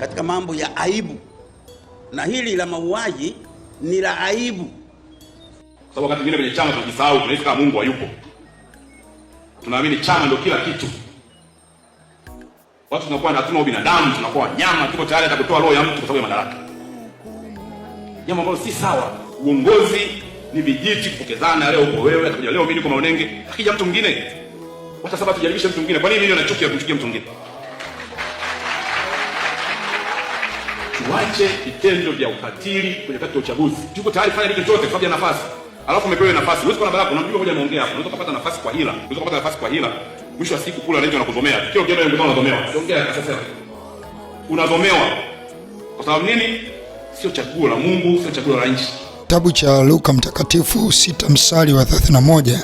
katika mambo ya aibu, na hili la mauaji ni la aibu, kwa sababu wakati mwingine kwenye chama tunajisahau, tunahisi kama Mungu hayupo, tunaamini chama ndio kila kitu. Watu tunakuwa hatuna ubinadamu, tunakuwa nyama, tuko tayari hata kutoa roho ya mtu kwa sababu ya madaraka, jambo ambalo si sawa. Uongozi ni vijiti kupokezana, leo uko wewe, atakuja leo mimi niko Maonenge, akija mtu mwingine, wacha sababu tujaribishe mtu mwingine. Kwa nini mimi na chuki ya kumchukia mtu mwingine? tuache vitendo vya ukatili kwenye wakati wa uchaguzi. Tuko tayari kufanya kitu chochote kwa sababu ya nafasi. Alafu umepewa nafasi. Uwezi kuwa na baraka, Unajua moja ameongea hapo. Unaweza kupata nafasi kwa hila. Unaweza kupata nafasi kwa hila. Mwisho wa siku kula anaitwa na kuzomea. Kile ukienda mbele unazomewa. Unaongea sasa. Unazomewa. Kwa sababu nini? Sio chaguo la Mungu, sio chaguo la nchi. Kitabu cha Luka Mtakatifu sita msali wa 31.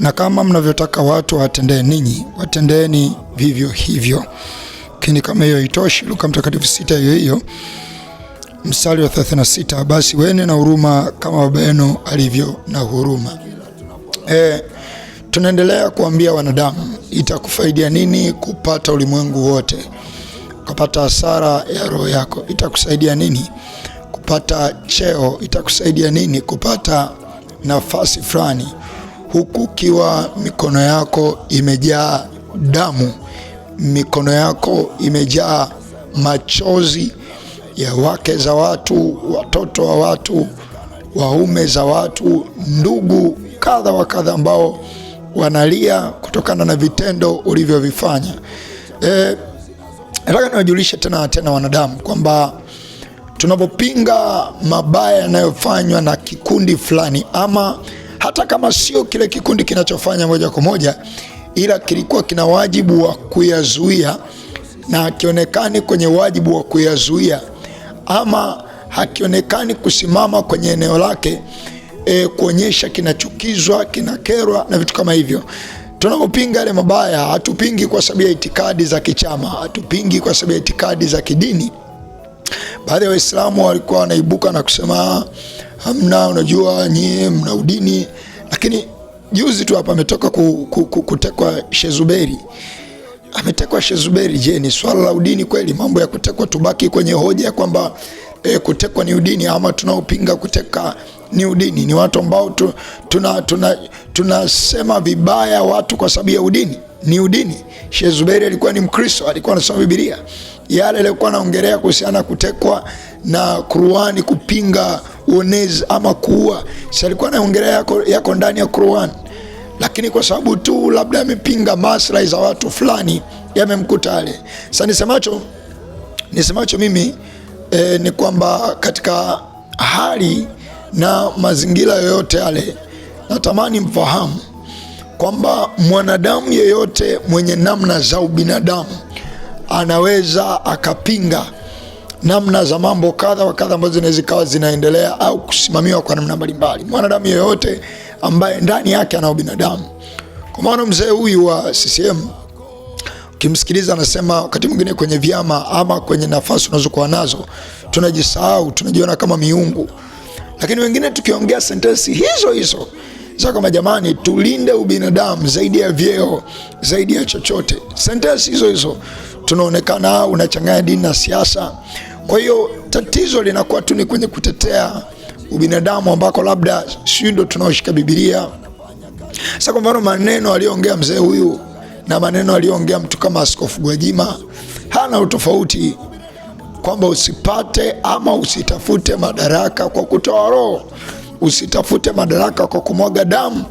Na kama mnavyotaka watu watendee ninyi, watendeeni vivyo hivyo. Lakini kama hiyo haitoshi, Luka Mtakatifu sita hiyo hiyo mstari wa 36, basi wene na huruma kama baba yenu alivyo na huruma. E, tunaendelea kuambia wanadamu, itakufaidia nini kupata ulimwengu wote ukapata hasara ya roho yako? Itakusaidia nini kupata cheo? Itakusaidia nini kupata nafasi fulani, huku kiwa mikono yako imejaa damu mikono yako imejaa machozi ya wake za watu, watoto wa watu, waume za watu, ndugu kadha wa kadha ambao wanalia kutokana na vitendo ulivyovifanya. E, nataka e, niwajulishe tena tena wanadamu kwamba tunapopinga mabaya yanayofanywa na kikundi fulani ama hata kama sio kile kikundi kinachofanya moja kwa moja ila kilikuwa kina wajibu wa kuyazuia na hakionekani kwenye wajibu wa kuyazuia, ama hakionekani kusimama kwenye eneo lake e, kuonyesha kinachukizwa, kinakerwa na vitu kama hivyo. Tunapopinga yale mabaya, hatupingi kwa sababu ya itikadi za kichama, hatupingi kwa sababu ya itikadi za kidini. Baadhi ya Waislamu walikuwa wanaibuka na kusema ah, hamna, unajua nyie mna udini, lakini juzi tu hapa ametoka ku, ku, ku, kutekwa Shezuberi, ametekwa Shezuberi. Je, ni swala la udini kweli? Mambo ya kutekwa, tubaki kwenye hoja ya kwamba e, kutekwa ni udini ama tunaopinga kuteka ni udini? Ni watu ambao tu, tunasema tuna, vibaya watu kwa sababu ya udini ni udini. shezuberi alikuwa ni Mkristo, alikuwa anasoma Biblia. Yale alikuwa anaongelea kuhusiana kutekwa na Qur'ani kupinga uonezi ama kuua, si alikuwa anaongelea yako, yako ndani ya Qur'an, lakini kwa sababu tu labda amepinga maslahi za watu fulani yamemkuta ale. Sasa nisemacho, nisemacho mimi e, ni kwamba katika hali na mazingira yoyote yale, natamani mfahamu kwamba mwanadamu yeyote mwenye namna za ubinadamu anaweza akapinga namna za mambo kadha wa kadha ambazo zinaweza kawa zinaendelea au kusimamiwa kwa namna mbalimbali, mwanadamu yeyote ambaye ndani yake ana ubinadamu. Kwa maana mzee huyu wa CCM ukimsikiliza anasema, wakati mwingine kwenye vyama ama kwenye nafasi unazokuwa nazo tunajisahau, tunajiona kama miungu, lakini wengine tukiongea sentensi hizo hizo za kama jamani, tulinde ubinadamu zaidi ya vyeo, zaidi ya chochote, sentensi hizo hizo tunaonekana unachanganya dini na siasa. Kwa hiyo tatizo linakuwa tu ni kwenye kutetea ubinadamu ambako labda sio ndo tunaoshika Biblia. Sasa kwa mfano maneno aliyoongea mzee huyu na maneno aliyoongea mtu kama Askofu Gwajima hana utofauti, kwamba usipate ama usitafute madaraka kwa kutoa roho, usitafute madaraka kwa kumwaga damu,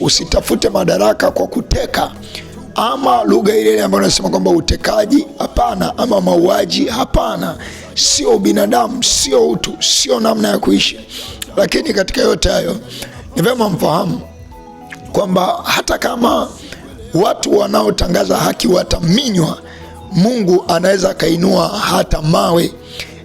usitafute madaraka kwa kuteka ama lugha ile ile ambayo nasema kwamba utekaji hapana, ama mauaji hapana sio ubinadamu, sio utu, sio namna ya kuishi. Lakini katika yote hayo ni vyema mfahamu kwamba hata kama watu wanaotangaza haki wataminywa, Mungu anaweza akainua hata mawe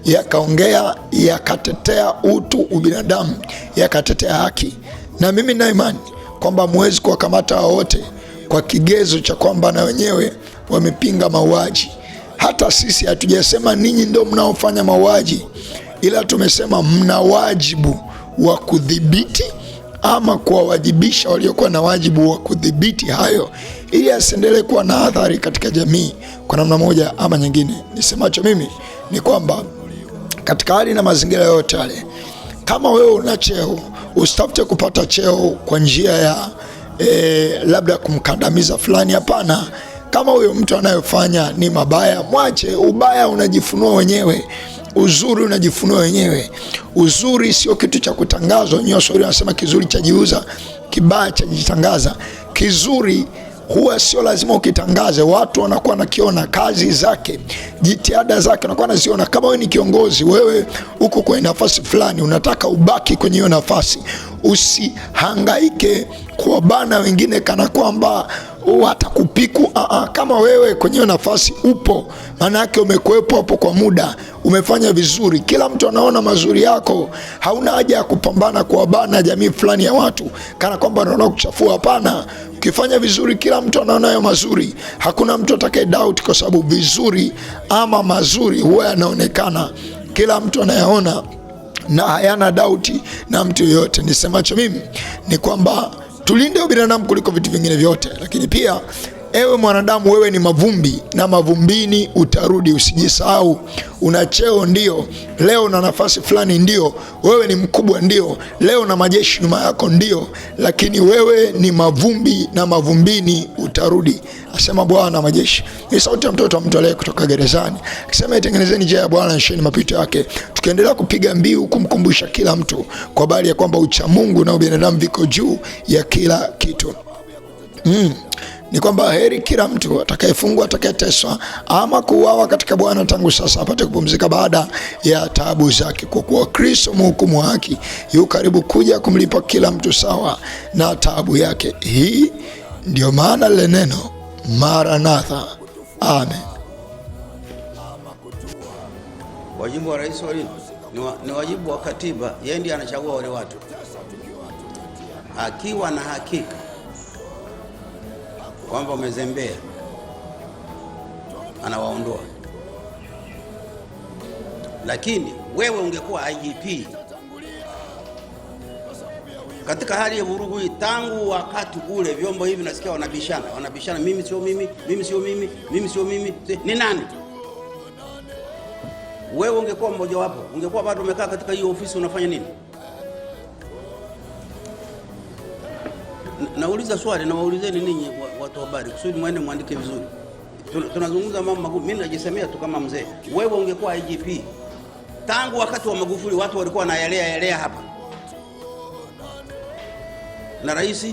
yakaongea yakatetea utu, ubinadamu, yakatetea haki. Na mimi nina imani kwamba muwezi kuwakamata wote kwa kigezo cha kwamba na wenyewe wamepinga mauaji. Hata sisi hatujasema ninyi ndio mnaofanya mauaji, ila tumesema mna wajibu wa kudhibiti ama kuwawajibisha waliokuwa na wajibu wa kudhibiti hayo, ili asiendelee kuwa na athari katika jamii kwa namna moja ama nyingine. Nisemacho mimi ni kwamba katika hali na mazingira yote yale, kama wewe una cheo, usitafute kupata cheo kwa njia ya e, labda kumkandamiza fulani. Hapana. Kama huyo mtu anayofanya ni mabaya, mwache. Ubaya unajifunua wenyewe, uzuri unajifunua wenyewe. Uzuri sio kitu cha kutangazwa. Waswahili wanasema kizuri chajiuza, kibaya chajitangaza. Kizuri huwa sio lazima ukitangaze, watu wanakuwa nakiona, kazi zake, jitihada zake wanakuwa naziona. Kama wewe ni kiongozi, wewe uko kwenye nafasi fulani, unataka ubaki kwenye hiyo nafasi, usihangaike kuwabana wengine kana kwamba watakupiku. Oh, Aa, ah, ah, kama wewe kwenye nafasi upo, maana yake umekuwepo hapo kwa muda, umefanya vizuri, kila mtu anaona mazuri yako, hauna haja ya kupambana kuwabana jamii fulani ya watu kana kwamba unaona kuchafua. Hapana, ukifanya vizuri, kila mtu anaona hayo mazuri, hakuna mtu atakaye doubt, kwa sababu vizuri ama mazuri huwa yanaonekana, kila mtu anayaona na hayana dauti na mtu yoyote. Nisemacho mimi ni kwamba tulinde ubinadamu kuliko vitu vingine vyote, lakini pia Ewe mwanadamu, wewe ni mavumbi na mavumbini utarudi. Usijisahau, una cheo ndio leo na nafasi fulani ndio, wewe ni mkubwa ndio leo na majeshi nyuma yako ndio, lakini wewe ni mavumbi na mavumbini utarudi, asema Bwana majeshi. Ni sauti ya mtoto wa mtu aliye kutoka gerezani akisema, itengenezeni njia ya Bwana, nisheni mapito yake. Tukiendelea kupiga mbiu kumkumbusha kila mtu kwa habari ya kwamba ucha Mungu na ubinadamu viko juu ya kila kitu mm ni kwamba heri kila mtu atakayefungwa, atakayeteswa ama kuuawa katika Bwana tangu sasa apate kupumzika baada ya taabu zake, kwa kuwa Kristo mhukumu wa haki yu karibu kuja kumlipa kila mtu sawa na taabu yake. Hii ndiyo maana lile neno Maranatha. Amen. Wajibu wa rais wa lini? Ni, wa, ni wajibu wa katiba. Yeye ndiye anachagua wale watu akiwa na hakika kwamba umezembea, anawaondoa. Lakini wewe ungekuwa IGP katika hali ya vurugu hii, tangu wakati ule, vyombo hivi nasikia wanabishana, wanabishana, mimi sio mimi, mimi sio mimi, mimi sio mimi, ni nani? Wewe ungekuwa mmoja wapo ungekuwa bado umekaa katika hiyo ofisi, unafanya nini? nauliza swali na waulizeni ninyi watu habari kusudi mwende mwandike vizuri. Tunazungumza mambo magumu, mimi najisemea tu kama mzee. Wewe ungekuwa IGP tangu wakati wa Magufuli, watu walikuwa wanayalea yalea hapa, na rais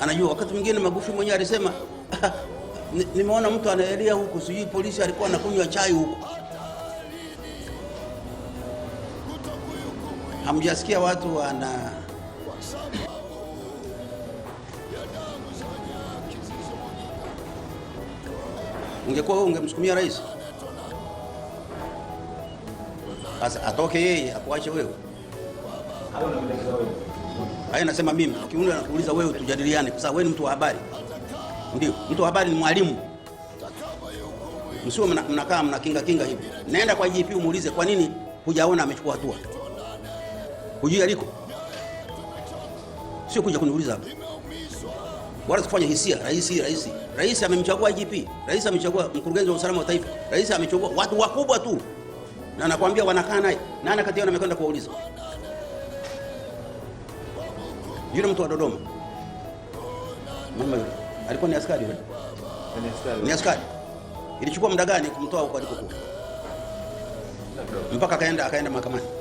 anajua. Wakati mwingine Magufuli mwenyewe alisema nimeona mtu anaelea huku, sijui polisi alikuwa anakunywa chai huku. Hamjasikia watu wana ungekuwa wewe ungemsukumia rais? Sasa atoke yeye akuache wewe? Hayo nasema mimi, kiuno nakuuliza wewe, tujadiliane kwa sababu wewe ni mtu wa habari. Ndio, mtu wa habari ni mwalimu. Msio mnakaa mnakinga kinga hivi. Naenda kwa IGP umuulize kwa nini hujaona amechukua hatua. Hujui aliko? Sio kuja kuniuliza hapa wala kufanya hisia. Rais rais rais amemchagua IGP, rais amechagua mkurugenzi wa usalama wa taifa, rais amechagua watu wakubwa tu, na nakwambia wanakaa naye na ana kati yao amekwenda kuwauliza yule mtu wa Dodoma mama alikuwa ni askari yule, ni askari. Ilichukua muda gani kumtoa huko alikokuwa mpaka akaenda akaenda mahakamani?